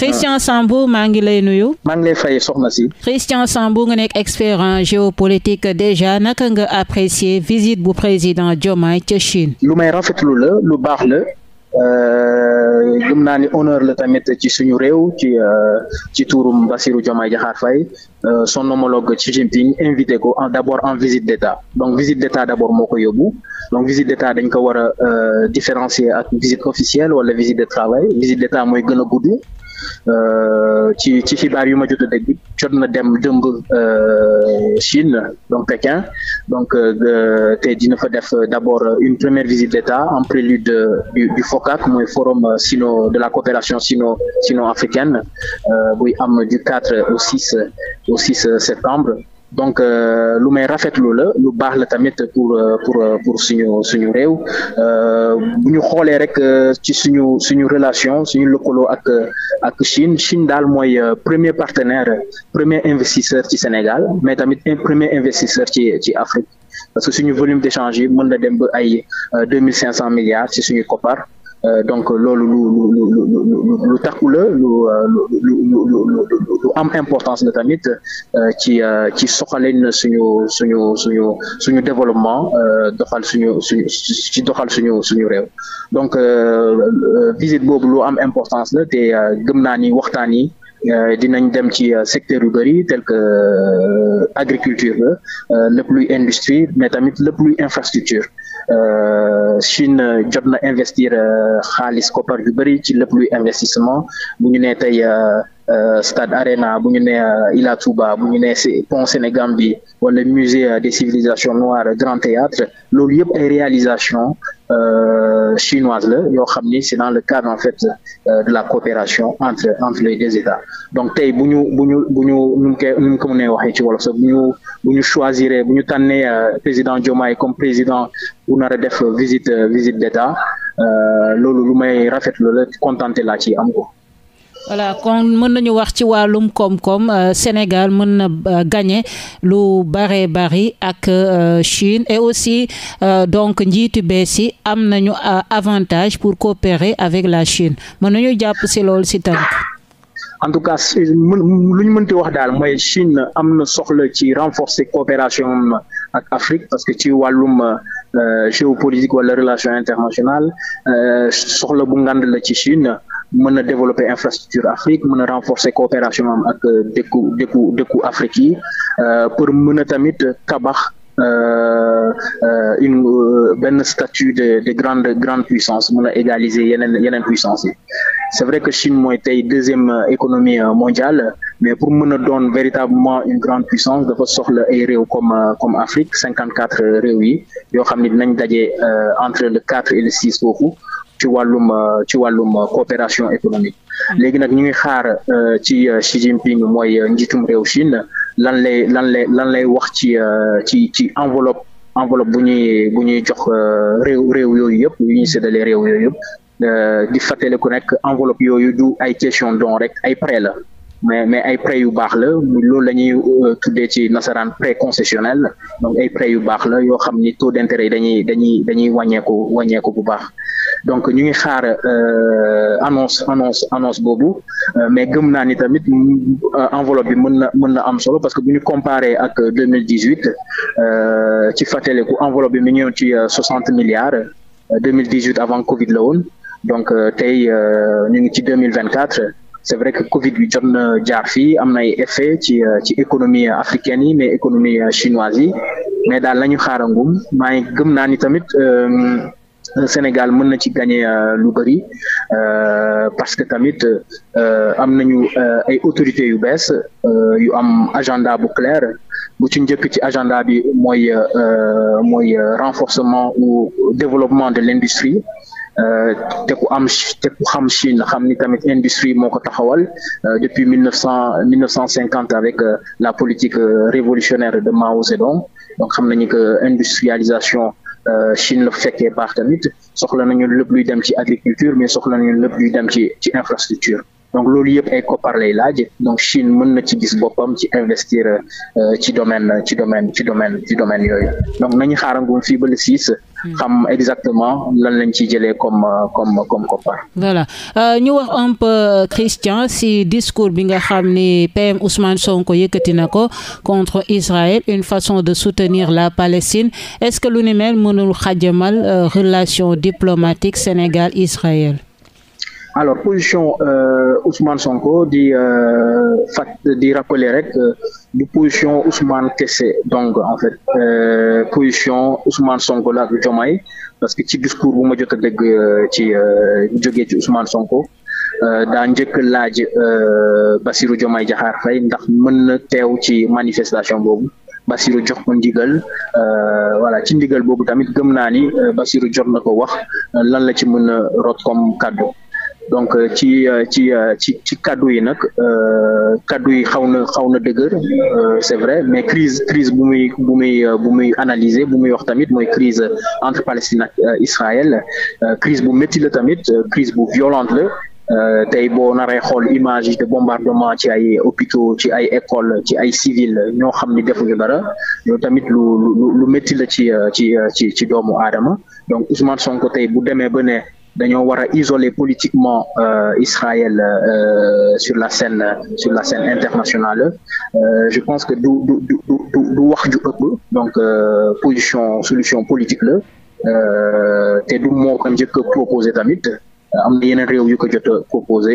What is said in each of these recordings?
Christian Sambou maa ngi lay nuyu. maa ngi lay fay soxna si. Christian Sambou nga nekk expert en géopolitique déjà naka nga apprécier visite bu président Diomaye ca Chine. lu may rafetlu la lu baax la. Euh, gëm naa ni honneur la tamit ci suñu réew ci euh, ci tuurum Bassirou Diomaye Diakhar Faye euh, son ci Xi Jinping invité ko en d' abord en visite d' état donc visite d' état moo ko yóbbu donc visite d' dañ ko war a différencier ak visite officielle wala visite de travail visite d' état mooy gën a gudd Euh, ci ci xibaar yu ma jot a dégg jot na dem dëmb euh, Chine donc Pékin donc euh, te dina fa def d'abord une première visite d'État en prélude du du FOCAC mooy forum sino de la coopération sino sino africaine buy am du 4 au 6 au 6 septembre. donc euh, lu may rafetlu la lu baax la tamit pour euh, pour euh, pour suñu suñu réew bu ñu xoolee rek ci suñu suñu relation suñu lëkkaloo ak ak Chine Chine daal mooy premier partenaire premier investisseur ci Sénégal mais tamit premier investisseur ci ci Afrique parce que suñu volume d'échange yi mën na dem ba ay deux mille cinq cent milliards ci suñu koppar. donc loolu lu lu lu lu takku la lu lu lu lu am importance la tamit ci ci soxaleen suñu suñu suñu suñu développement doxal suñu suñu ci doxal suñu suñu réew donc visite boobu lu am importance la te gëm naa ni waxtaan yi. dinañ dem ci secteur lu bëri tel que agriculture la lépp lu industrie mais tamit lépp lu infrastructure Euh, Chine euh, jot na investir euh, xaalis koppar yu bëri ci lépp luy investissement bu ñu nee tey Stade Arena bu ñu nee Ila Touba bu ñu nee pont Sénégal bi wala musée des civilisations noires Grand Théâtre loolu yëpp ay réalisation Euh, chinoise la yoo xam ni c'est dans le cadre en fait euh, de la coopération entre entre les deux États donc tey bu ñu bu ñu bu ñu nu mu nu mu ko waxee ci wolof sax bu ñu bu ñu choisir bu ñu tànnee euh, président Diomaye comme président bu nar a def visite visite d'État loolu lu may rafetlu la kontaan laa ci am ko. voilà kon mën nañu wax ci wàllum koom-koom euh, Sénégal mën na euh, gagné lu bare bari ak euh, Chine et aussi donc njiitu bees yi am nañu avantage pour coopérer avec la Chine mën nañu jàpp si loolu si tamit. en tout cas lu ñu wax daal mooy Chine am na soxla ci renforcer coopération ak Afrique parce que ci wàllum géopolitique wala relation internationale soxla bu ngand la ci Chine. mën a développer infrastructure Afrique mën a renforcer coopération am ak euh, dëkku dëkku dëkku Afrique yi euh, pour mën a tamit tabax Euh, euh, une euh, benn statut de de grande grande puissance mën a égaliser yeneen yeneen puissance yi c'est vrai que Chine mooy tey deuxième économie mondiale mais pour mën a doon véritablement une grande puissance dafa soxla ay réew comme comme Afrique cinquante quatre réew yi yoo xam ne dinañ daje entre le quatre et le six foofu ci wàllum euh, ci wàllum euh, coopération économique léegi nag ñu ngi xaar euh, ci Xi Jinping mooy njiitum réew Chine lan lay lan lay lan lay wax ci ci ci enveloppe enveloppe bu ñuy bu ñuy jox réew réew yooyu yëpp yu ñuy séddalee réew yooyu yëpp di fàttali ku enveloppe yooyu du ay question don rek ay prêt la mais mais ay prêt yu baax la loolu la ñuy tuddee ci nasaraan prêt concessionnel donc ay prêt yu baax la yoo xam ni taux d'intérêt yi dañuy dañuy dañuy wàññeeku wàññeeku bu baax donc ñu ngi xaar euh, annonce annonce annonce boobu euh, mais gëm naa ni tamit euh, enveloppe bi mën na mën na am solo parce que buñu ñu comparé ak deux mille dix huit ci ku enveloppe bi mi ñëw ci soixante milliards deux mille dix huit avant Covid la woon donc tey ñu ngi ci deux mille vingt quatre c'est vrai que Covid bi jot na jaar fii am na effet ci ci économie africaine yi mais économie chinoise yi mais daal la ñu xaarangum maa gëm naa tamit. Euh, Sénégal mën na ci gagné euh, lu bëri euh, parce que tamit am nañu ay autorités yu bees yu am agenda bu claire bu ci njëkk ci agenda bi mooy mooy renforcement ou développement de l'industrie te ku am te ku xam Chine xam ni tamit industrie moo ko taxawal depuis mille neuf cent mille cinquante avec la politique révolutionnaire de Mao Zedong donc xam nañu que industrialisation Euh, Chine la fekkee baax tamit soxla nañu lépp luy dem ci agriculture mais soxla nañu lépp luy dem ci ci infrastructure donc loolu yëpp ay koppar lay laaj donc Chine mën na ci gis boppam ci investir euh, ci domaine ci domaine ci domaine ci domaine yooyu donc nañu xaarangum fii ba le 6 xam exactement lan lañ ci jëlee comme comme comme voilà euh, ñu wax un peu euh, Christian si discours bi nga xam ni PM Ousmane Sonko yëkkati na ko contre Israël une façon de soutenir la Palestine est-ce que lu ni mel mënul xajamal euh, relation diplomatique Sénégal Israël. alors position euh, Ousmane Sonko di euh, fat di rappeler rek euh, du position Ousmane kese donc en fait position Ousmane Sonko la ak Diomaye parce que ci discours bu ma jot a dégg ci jógee ci Ousmane Sonko daa njëkk laaj Bassirou jomay Diakhar Faye ndax mën na teew ci manifestation boobu basiru jox ko ndigal voilà ci ndigal boobu tamit gëm naa ni basiru jot na ko wax lan la ci mën a rot comme kàddu donc euh, ci euh, ci euh, ci ci kaddu yi nag kaddu yi xaw na xaw na dëgër c'est vrai mais crise bu muy bu muy bu muy analyser bu muy wax tamit mooy crise entre Palestine ak Israël crise bu métti la tamit crise bu violente la tey boo naree xool images yi de bombardement ci ay hôpitaux ci ay école ci ay civil ñoo xam ni defuñu dara loolu tamit lu lu lu métti la ci ci ci ci doomu aadama donc Ousmane tey bu demee ba ne dañoo war a isoler politiquement euh, Israël euh, sur la scène sur la scène internationale euh, je pense que du du du du du wax ju ëpp donc position solution politique la te du moo ko njëkk a proposé tamit am na réew yu ko jot a proposé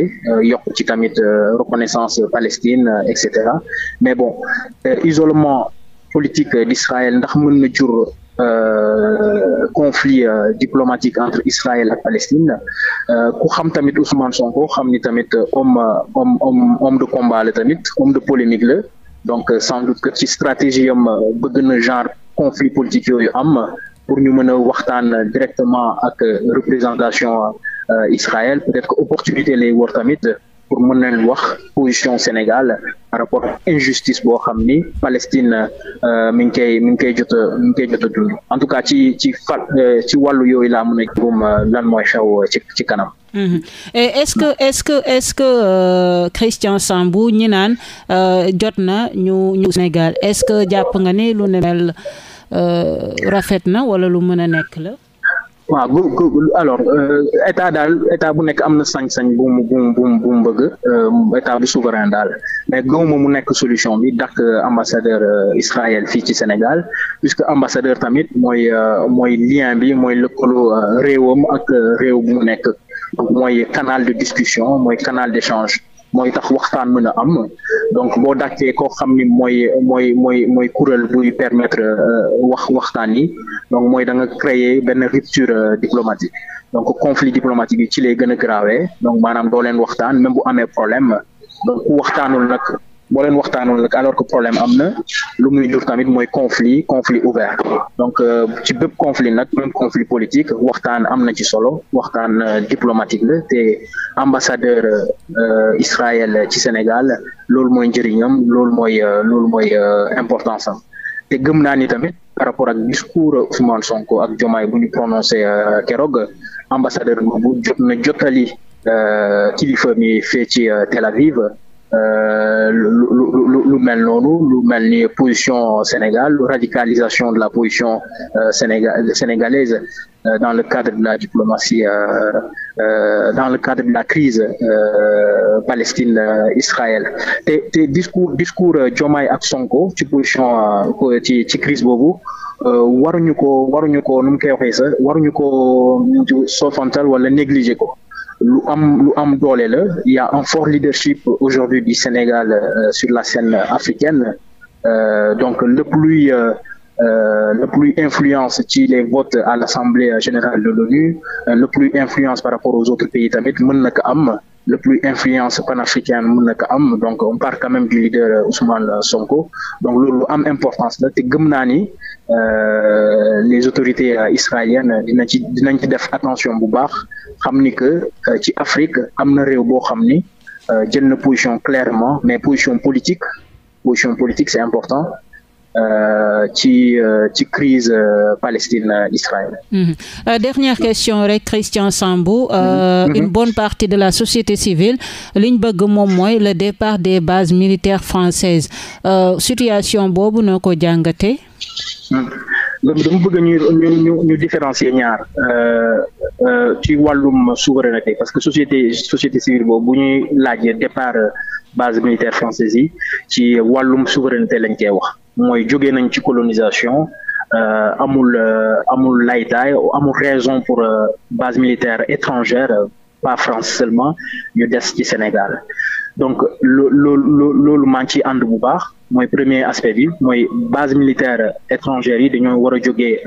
yokk ci tamit reconnaissance Palestine et cetera mais bon isolement politique d'Israël ndax mën na jur. Euh, conflit euh, diplomatique entre Israël ak Palestine euh, ku xam tamit Ousmane Sonko xam ni tamit homme homme homme homme de combat la tamit homme de polémique la donc sans doute que ci stratégie am bëgg na genre conflit politique yooyu am pour ñu mën a waxtaan directement ak représentation Israël peut-être que opportunité lay war tamit. pour mën leen wax position Sénégal par rapport injustice boo xam ni Palestine mi ngi koy mi ngi koy mi ngi koy jot a en tout cas ci ci fa euh, ci wàllu yooyu laa mën a euh, lan mooy xew ci ci kanam. Mmh. est-ce que est-ce que est-ce que euh, Christian Sambou ñi naan euh, jot na ñu ñu Sénégal est-ce que jàpp nga ni lu ne mel euh, rafet na wala lu mën nekk la. waaw bu bu alors euh, état daal état bu nekk am na sañ-sañ bu mu bu mu bu mu euh, état bu souverain daal mais gëwuma mu nekk solution bi dàq euh, ambassadeur Israël fii ci Sénégal puisque ambassadeur tamit mooy mooy lien bi mooy lëkkaloo réewam ak réew bu mu nekk mooy kanal de discussion mooy canal d'échange mooy tax waxtaan mën a am donc boo dàkkee koo xam ni mooy mooy mooy mooy kuréel buy permettre euh, wax waxtaan yi donc mooy da nga créer benn rupture euh, diplomatique donc conflit diplomatique yi ci lay gën a graawee donc maanaam doo leen waxtaan même bu amee problème donc ku waxtaanul nag boo leen waxtaanoon rek alors que problème am na lu muy jur tamit mooy conflit conflit ouvert donc euh, ci bépp conflit nag même conflit politique waxtaan am na ci solo waxtaan euh, diplomatique la te ambassadeur euh, Israël ci Sénégal loolu mooy njëriñam loolu mooy loolu mooy importance am te gëm naa ni tamit par rapport ak discours Ousmane Sonko ak Diomaye bu ñu prononcé keroog ambassadeur boobu jot na jottali kilifa mi fee ci Tel Aviv Euh, lu lu mel noonu lu mel ni position Sénégal radicalisation de la position euh, sénégal sénégalaise euh, dans le cadre de la diplomatie dans le cadre de la crise Palestine Israël te te discours discours Diomaye ak Sonko ci position ci ci crise boobu. Euh, waruñu ko waruñu ko nu koy waxee sax waruñu ko soofantal wala négliger ko lu am lu am doole la y a un fort leadership aujourd'hui du Sénégal euh, sur la scène africaine euh, donc le plus Euh, le plus influence ci les votes à l'Assemblée générale de l'ONU le plus influence par rapport aux autres pays tamit mën na ko am le plus influence panafricaine mun na ko am donc on parle quand même du leader euh, Ousmane Sonko donc loolu am importance la te gëm naa ni euh, les autorités euh, israéliennes dina ci dinañ ci def attention bu baax xam ni que ci Afrique am na réew boo xam ni jël na position clairement mais position politique position politique c'est important Euh, ci euh, ci crise euh, Palestine Israël. Mhm. dernière question rek Christian Sambou. Mhm. Mhm. une bonne partie de la société civile liñ bëgg moom mooy le départ des bases militaires françaises situation boobu noo ko jàngate jàngatee. dama bëgg ñu ñu ñu différencier ñaar ci wàllum souveraineté parce que société société civile boobu bu ñuy laaj départ base militaire française yi ci wàllum souveraineté lañ koy wax. mooy jóge nañ ci colonisation euh, amul euh, amul laytaay amul raison pour euh, base militaire étrangère pas France seulement ñu des ci Sénégal donc loolu loolu maa ngi ciy ànd bu baax mooy premier aspect bi mooy base militaire étrangère yi dañoo war a jógee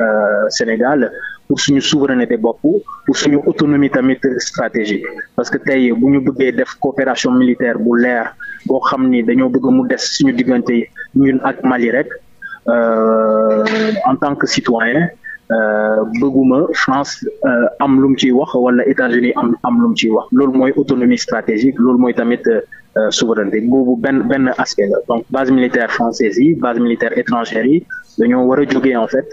Sénégal pour suñu souveraineté bopp pour suñu autonomie tamit stratégique parce que tey bu ñu bëggee def coopération militaire bu leer boo xam ni dañoo bëgg mu des suñu diggante ñun ak Mali rek euh, en tant que citoyen euh, bëgguma France euh, am lu mu ciy wax wala États-Unis am am lu mu ciy wax loolu mooy autonomie stratégique loolu mooy tamit souveraineté boobu benn benn aspect la donc base militaire française yi base militaire étrangère yi dañoo war a jógee en fait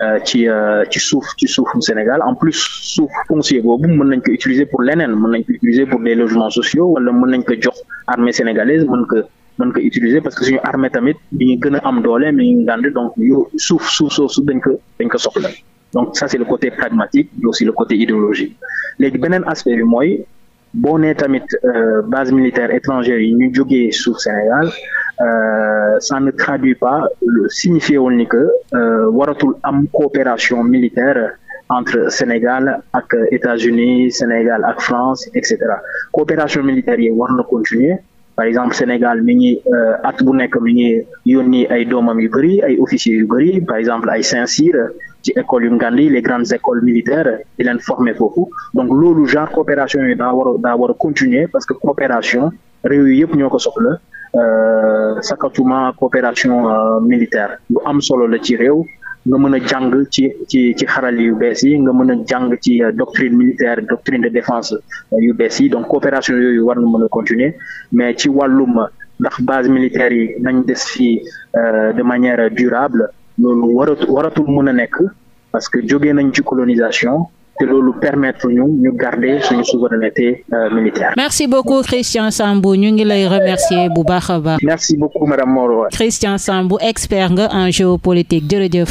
Euh, ci euh, ci suuf ci suufu Sénégal en plus suuf foncier boobu mun nañ ko utiliser pour leneen mun nañ ko utiliser pour des logements sociaux wala mun nañ ko jox armée sénégalaise mën ko mën ko utiliser parce que suñu armée tamit bi ñu gën a am doole mi ngi ngànd donc suuf suuf soosu dañ ko dañ ko soxla donc ça c'est le côté pragmatique mais aussi le côté idéologique léegi beneen aspect bi mooy boo nee tamit euh, base militaire étrangère yi ñu jógee suuf Sénégal Euh, ça ne traduit pas le signifié wul ni que euh, waratul am coopération militaire entre Sénégal ak États-Unis Sénégal ak France et cetera coopération militaire yi war na continuer par exemple Sénégal mi ngi euh, at bu nekk mi yon yónni ay doomam yu bari ay officiers yu bëri par exemple ay Saint-Cyr ci école yu ngandi les grandes écoles militaires di leen former foofu donc loolu genre coopération yi daa war a war a continuer parce que coopération réew yëpp ñoo ko soxla Euh, sakatuma coopération euh, militaire lu am solo la ci réew nga mën a jàng ci ci ci xaral yu bees yi nga mën a jàng ci euh, doctrine militaire doctrine de défense yu bees yi donc coopération yooyu war na mën a continuer mais ci wàllum ndax base militaire yi nañ des fii de manière durable loolu waratu waratul mën a nekk parce que jógee nañ ci colonisation te loolu permettre ñu ñu garder suñu euh, merci beaucoup Christian Sambou ñu ngi lay remercier bu baax a baax. merci beaucoup madame Moreau. Christian Sambou expert nga en géopolitique jërëjëf.